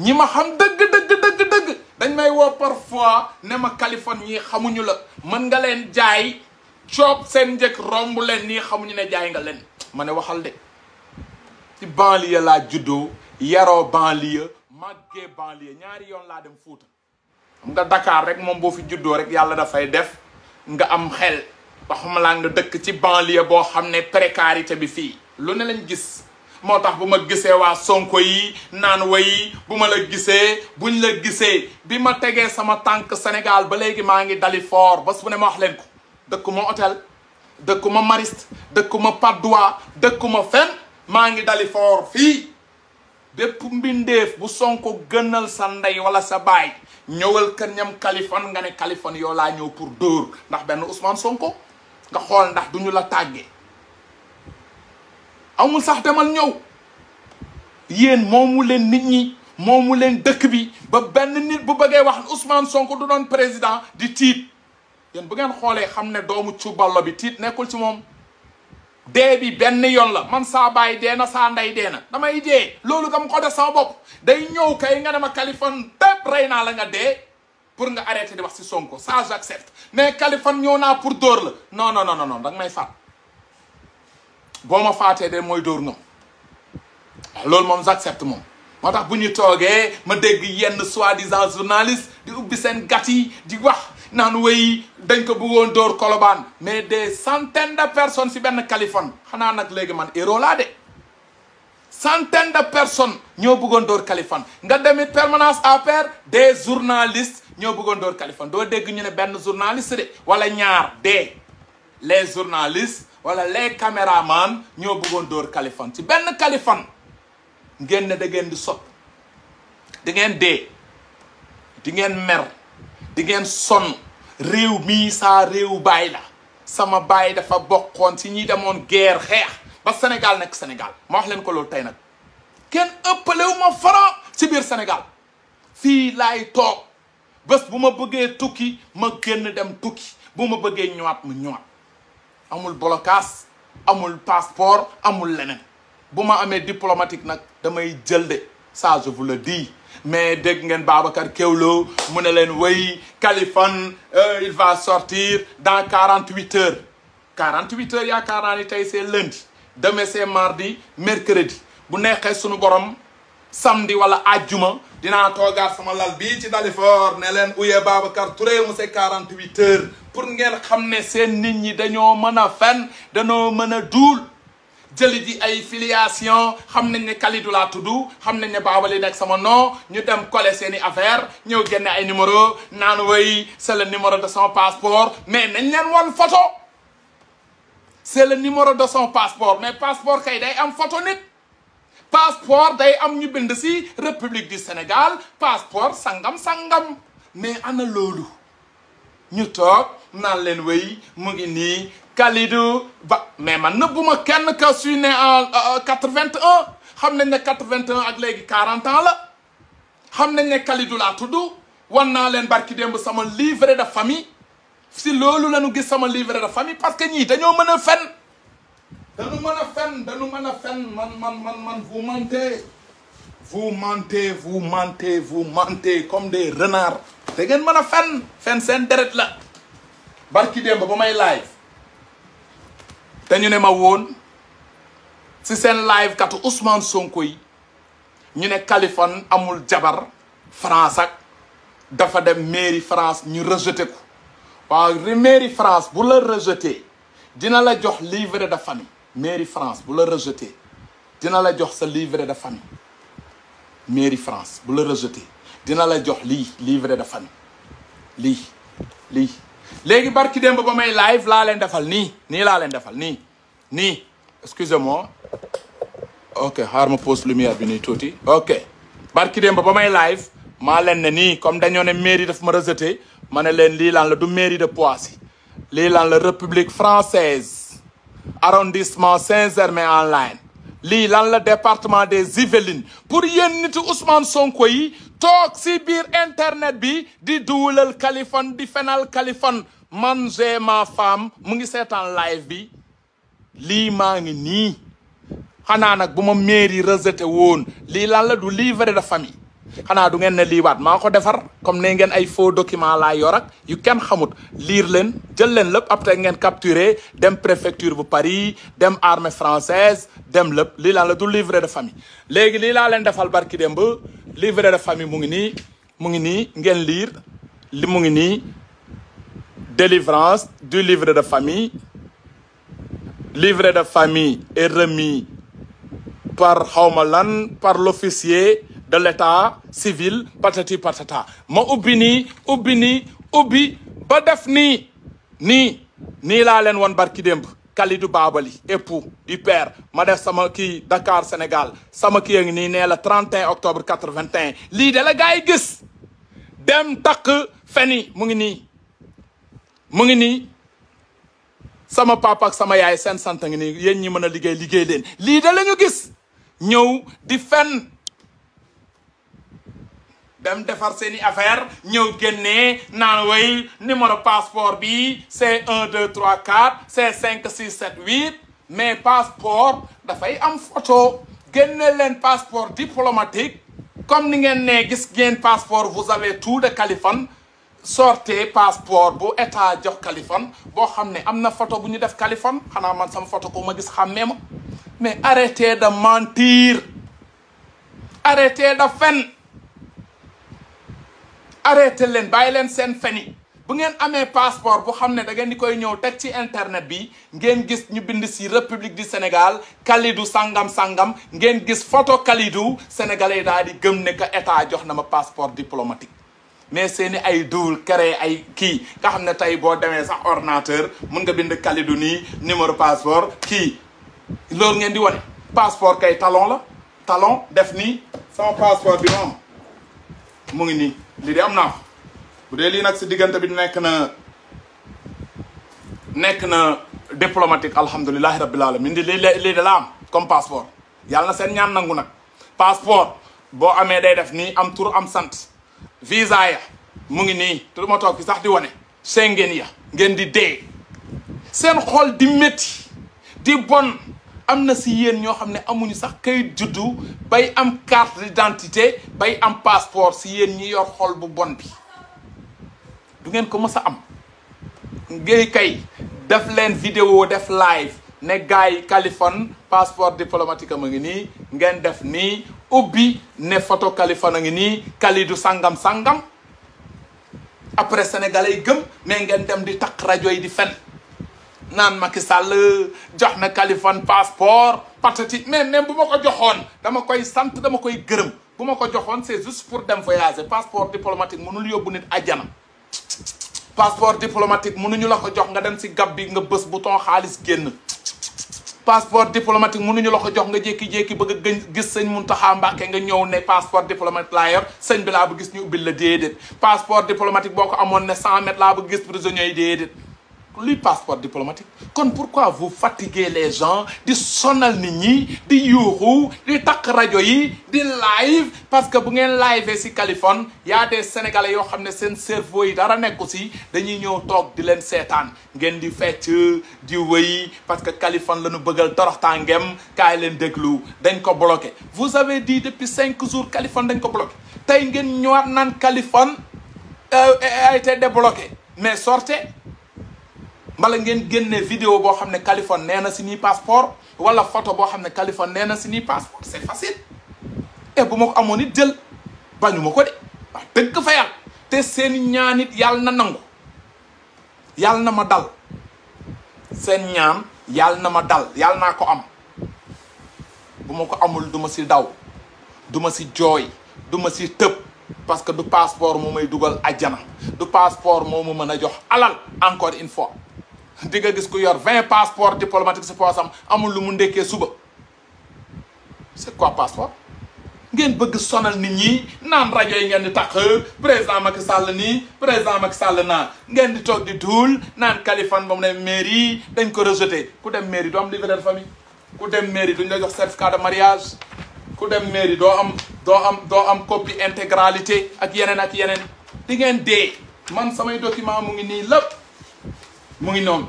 ñi ma xam dëgg dëgg dëgg dañ may woo parfois ne ma Kaliphone ñii xamuñu la mën nga leen jaay coob seen njëkk romb leen nii xamuñu ne jaay nga leen ma ne waxal de ci banlieue laa juddoo yaroo banlieue màggee banlieue ñaari yoon laa dem Fuuta xam nga Dakar rek moom boo fi juddoo rek yàlla dafay def nga am xel waxuma laa nga dëkk ci banlieue boo xam ne précarité bi fii lu ne lañ gis moo tax bu ma gisee waa sonko yi naan wa yi bu ma la gisee buñ la gisee bi ma tegee sama tànk Sénégal ba léegi maa ngi dali fort bés bu ne ma wax leen ko dëkku ma dëkkuma hôtel dëkkuma mariste dëkkuma padois ma fen maa ngi dali fort fii bépp mbindeef bu sonko gënal sa ndey wala sa baay ñëwal kër ñam kalifon nga ne Kaliphone yoo laa ñëw pour dóor ndax benn Ousmane Sonko nga xool ndax duñu la tàggee amul sax demal ñëw yéen moomu leen nit ñi moomu leen dëkk bi ba benn nit bu bëggee wax Ousmane Sonko du doon président di tiit yéen bu ngeen xoolee xam ne doomu cuballo bi tiit nekkul ci moom dee bi benn yoon la man saa baay dee na saa ndey dee na damay dee loolu gam ko def sama bopp day ñëw kay nga ne ma Kaliphone bépp rey naa la nga dee pour nga arrêté di wax ci Sonko ça j'accepte mais Kaliphone ñëw naa pour dóor la non non non non dang may fàtt boo ma faatee de mooy dóor nga loolu moom j'accepte moom moo tax bu ñu toogee ma dégg yenn soi-disant journaliste di ubbi seen gat yi di wax naan wey dañ ko bëggoon dóor kolobaan mais des centaines de personnes si benn Kaliphone xanaa nag léegi man héros laa de centaines de personnes ñoo bëggoon dóor Kaliphone nga demit permanence APR des journalistes ñoo bëggoon door Kaliphone doo dégg ñu ne benn journaliste de wala ñaar de les journalistes wala les caméramans ñoo bëggoon dóor Kaliphone ci benn Kaliphone ngeen ne da ngeen di sot dangeen dee di ngeen mer di ngeen sonn réew mii saa réew baay la sama baay dafa bokkoon ci ñi demoon guerre xeex ba senegal nekk Sénégal ma wax leen ko loolu tey nag kenn ëppalewu ma faran ci biir Sénégal fii laay toog bés bu ma bëggee tukki ma génn dem tukki bu ma bëggee ñëwaat ma ñëwaat amul blocage amul passeport amul leneen bu ma amee diplomatique nag damay jël de ça je di mais dégg ngeen Babacar Kewlo mu ne leen way Kaliphone euh, il va sortir dans quarante huit heures quarante huit heures yaakaar naa ni tey c'est lundi demain c'est mardi mercredi bu neexee sunu borom samedi wala ajjuma dinaa toogaat sama lal bi ci Dalifort ne leen Ouyé Babacar Touré mu se 48 heures pour ngeen xam ne seen nit ñi dañoo mën a fen dañoo mën a duul jëli ji ay filiation xam nañ ne Kalidou laa tudd xam nañ ne Baabali nekk sama no ñu dem collé seen i affaire ñëw génne ay numéro naan way c'est le numéro de son passeport mais nañ leen woon photo c'est le numéro de son passeport mais passeport kay day am photo nit passeport day am ñu bind si république du Sénégal passeport sangam sangam mais ana loolu ñu toog naan leen wéy mu ngi nii Kalidou Ba mais man ma kenn que suis né en 81 euh, euh, xam nañ ne 81 ak léegi 40 ans la xam nañ ne Kalidou laa tudd wan naa leen barki démb sama livret de famille si loolu la nu gis sama livret de famille parce que ñii dañoo mën a fen dañu mën a fen dañu mën fen man man man man vous mentez vous mentez vous comme des renards da ngeen mën a fen fen seen deret la barki démb ba may live dañu ne ma woon si seen live katu Ousmane Sonko yi ñu ne Kaliphone amul jabar France ak dafa dem mairie France ñu rejeté ko mairie France bu la rejeté dina la jox livret de famille mairie France bu la rejeté dina la jox sa livret de famille mairie France bu la rejeté dina la jox lii livret de famille lii lii. léegi barki dem ba may live laa leen defal nii nii laa leen defal nii nii excusez-moi ok xaar ma pose lumière bi nii tuuti. ok barki dem ba may live maa leen ne nii comme dañoo ne mairie def ma rejeté ma ne leen lii laan la du mairie de Poissy lii laan la République française arrondissement Saint-Germain-en-Laye lii lan la département des Yvelines pour yéen niti Ousmane Sonko yi toog si biir internet bi di duulal Kaliphone di fenal Kaliphone man j'ai ma femme mu ngi seetaan live bi lii maa ngi nii xanaa nag bu ma mairie rejeté woon lii lan la du vere de famille xanaa du ngeen ne lii waat maa ko defar comme ne ngeen ay faux document laa yorak yu kenn xamut liir leen jël leen lépp après ngeen capturer dem prefecture bu Paris dem armée française dem lépp lii laa la du livret de famille léegi lii laa leen defal barki dem ba livret de famille mu ngi nii mu ngi nii ngeen liir li mu ngi nii délivrance du livret de famille livre de famille est remis par xawma lan par l'officier de l'état civil patati patata ma ubbi nii ubbi nii ubbi ba def nii nii nii la leen wan barki démb Kalidou Babali époux du père ma def sama kii Dakar Sénégal sama kii a ngi nii nee la 31 octobre 81 lii de la gars yi gis dem takk feni mu ngi nii mu ngi ni sama papa ak sama yaay sen sant ngi nii yéen ñi mën a liggéey liggéey leen lii de la ñu gis ñëw di fen dem defar seen i affaire ñëw génnee naan way numéro passeport bi c'est un deux trois quatre c'est cinq six sept huit mais passeport dafay am photo génne leen passeport diplomatique comme ni ngeen ne gis ngeen passeport vous avez tout de Kaliphone sortez passeport bu état jox Kaliphone boo xam ne am na photo bu ñu def Kaliphone xanaa man sama photo ko ma gis xàmmee ma mais arrêtez de mentir arrêtez de fen arrêté leen bàyyi leen seen feni bu ngeen amee passeport bu xam ne dangeen di koy ñëw teg ci internet bi ngeen gis ñu bind si république du Sénégal Kalidou sangam sangam ngeen gis photo Kalidou sénégalais daal di gëm ne que état jox na ma passeport diplomatique. mais seeni ay double créé ay kii nga xam ne tey boo demee sax ordinateur mun nga bind Kalidou nii numéro passeport kii loolu ngeen di wane. passeport kay talon la talon def nii sama passeport bi moom ngi nii. lii de am naa ko bu dee lii nag si diggante bi nekk na nekk na diplomatique alhamdulilahi rabbil alamin di lii de la am comme passeport yàlla na seen ñaan nangu nag passeport boo amee day def nii am tur am sant visa ya mu ngi nii te du toog fi sax di wane ngeen ya ngeen di dee seen xool di métti di bon am na si yéen ñoo xam ne amuñu sax kayit juddu bay am carte d'identité bay am passeport si yéen ñi yor xol bu bon bi du ngeen ko mës a am ngay kay def leen vidéo def live ne gars yi Kaliphone passeport diplomatique am a ngi nii ngeen def nii ubbi ne photo Kaliphone a ngi nii Kalidou sangam sàngam après sénégalais yi gëm mais ngeen dem di takk rajo yi di fen naan Macky Sall jox na Kaliphone passeport patati mais même bu ma ko joxoon dama koy sant dama koy gërëm bu ma ko joxoon c'est juste pour dem voyager passeport diplomatique mënul yóbbu nit àjjana passeport diplomatique mënuñu la ko jox nga dem si gab bi nga bës bu bouton xaalis génn passeport diplomatique mënuñu ñu ko jox nga jékki-jékki bëgg a gis sëñ Mountakha Mbacké nga ñëw ne passeport diplomatique laa yor sëñ bi laa bu gis ñu ubbil la déedéet passeport diplomatique boo ko amoon ne 100 mètres la bu gis luy passeport diplomatique kon pourquoi vous fatiguez les gens di sonnal nit ñi di yuuxu di takk rajo yi di live parce que bu ngeen live si Californie y a des yoo xam ne seen cerveau yi dara nekku si dañuy ñëw toog di leen seetaan ngeen di fecc di wëy parce que Californie la ñu bëggal toroxtaan ngem kaay leen déglu dañ ko bloqué vous avez dit depuis cinq jours Californie dañ ko bloqué tey ngeen ñëwaat naan Californie euh, a été débloqué mais sortez bala ngeen génne video boo xam ne Kaliphone nee na si nii passeport wala photo boo xam ne Kaliphone nee na si nii passeport c'est facile et bu ma ko amoon it jël bañu ma ko de wax dëgg fa te seen ñaan it yàlla na nangu yàlla na ma dal seen ñaan yàlla na ma dal yàlla naa ko am bu ma ko amul duma ma si daw duma si jooy duma ma si tëb parce que du passeport moo may dugal àjjana du passeport moo ma mën a jox alal encore une fois di nga gis ku yor vingt passeport diplomatique si poosam amul lu mu ndekkee suba c'est quoi passeport ngeen bëgg sonal nit ñi naan rajo yi ngeen di taq président Macky Sall nii président mak Sall naa ngeen di toog di duul naan Kaliphone ba mu ne mairie dañ ko rejeté ku dem mairie doo am livret de famille ku dem mairie duñ la jox certificat de mariage ku dem mairie doo am doo am doo am copie intégralité ak yeneen ak yeneen di ngeen dee man samay document mu ngi nii lépp mu ngi noonu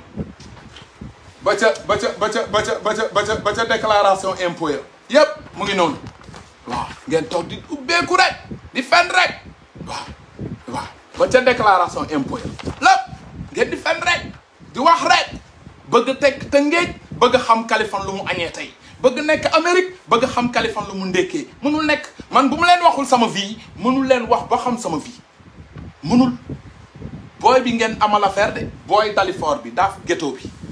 ba ca ba ca ba ca ba ca ba ca ba ca déclaration impôt ya mu ngi noonu waaw ngeen toog di ubbeeku rek di fen rek waaw waaw ba ca déclaration impôt la lépp ngeen di fen rek di wax rek bëgg teg tëngéej bëgg xam Kaliphone lu mu añee tey bëgg nekk Amérique bëgg xam Kaliphone lu mu ndékkee mënul nekk man bu mu leen waxul sama vie mënul leen wax ba xam sama vie mënul booy bi ngeen amal affaire de booy Dalifort bi daaf ghetto bi